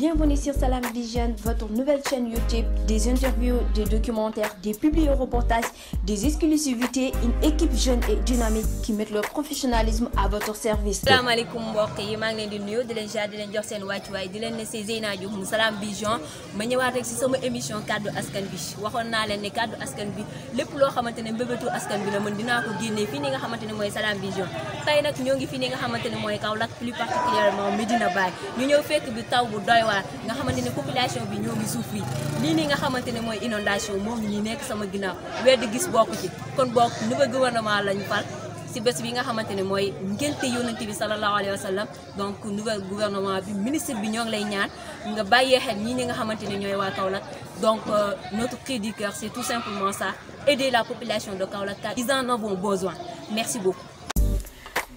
Bienvenue sur Salam Vision, votre nouvelle chaîne YouTube, des interviews, des documentaires, des publi-reportages, des exclusivités, une équipe jeune et dynamique qui met leur professionnalisme à votre service. salaamaaleykum mbokk yi maa ngi di nuyu di leen jaar di leen jox seen wàccuwaay di leen ne si Zeyna Diouf mu Salam Vision ma ñëwaat rek si sama émission kaddu askan bi waxoon naa leen ne kaddu askan bi lépp loo xamante ne mbébétu askan bi la mën dinaa ko génnee fii nii nga xamante ne mooy Salam Vision tey nag ñoo ngi fii nii nga xamante ne mooy Kaolack plus particulièrement Medina Baye ñu ñëw fekk bi waar nga xamante ne population bi ñoo ngi souffrir lii nii nga xamante ne mooy inondation moo ngi nii nekk sama ginnaaw wedd gis bokk ci kon bokk nouveau gouvernement lañu fal si bés bi nga xamante ne mooy ngénte yonent bi sallallahu alayhi wa sallam donc nouvel gouvernement bi ministre bi ñoo lay ñaan nga bàyyee xel ñii ñi nga xamante ne ñooy waa Kaolack donc euh, notre cri du cœur c'est tout simplement ça aider la population de Kaolack car ils en ont besoin merci beaucoup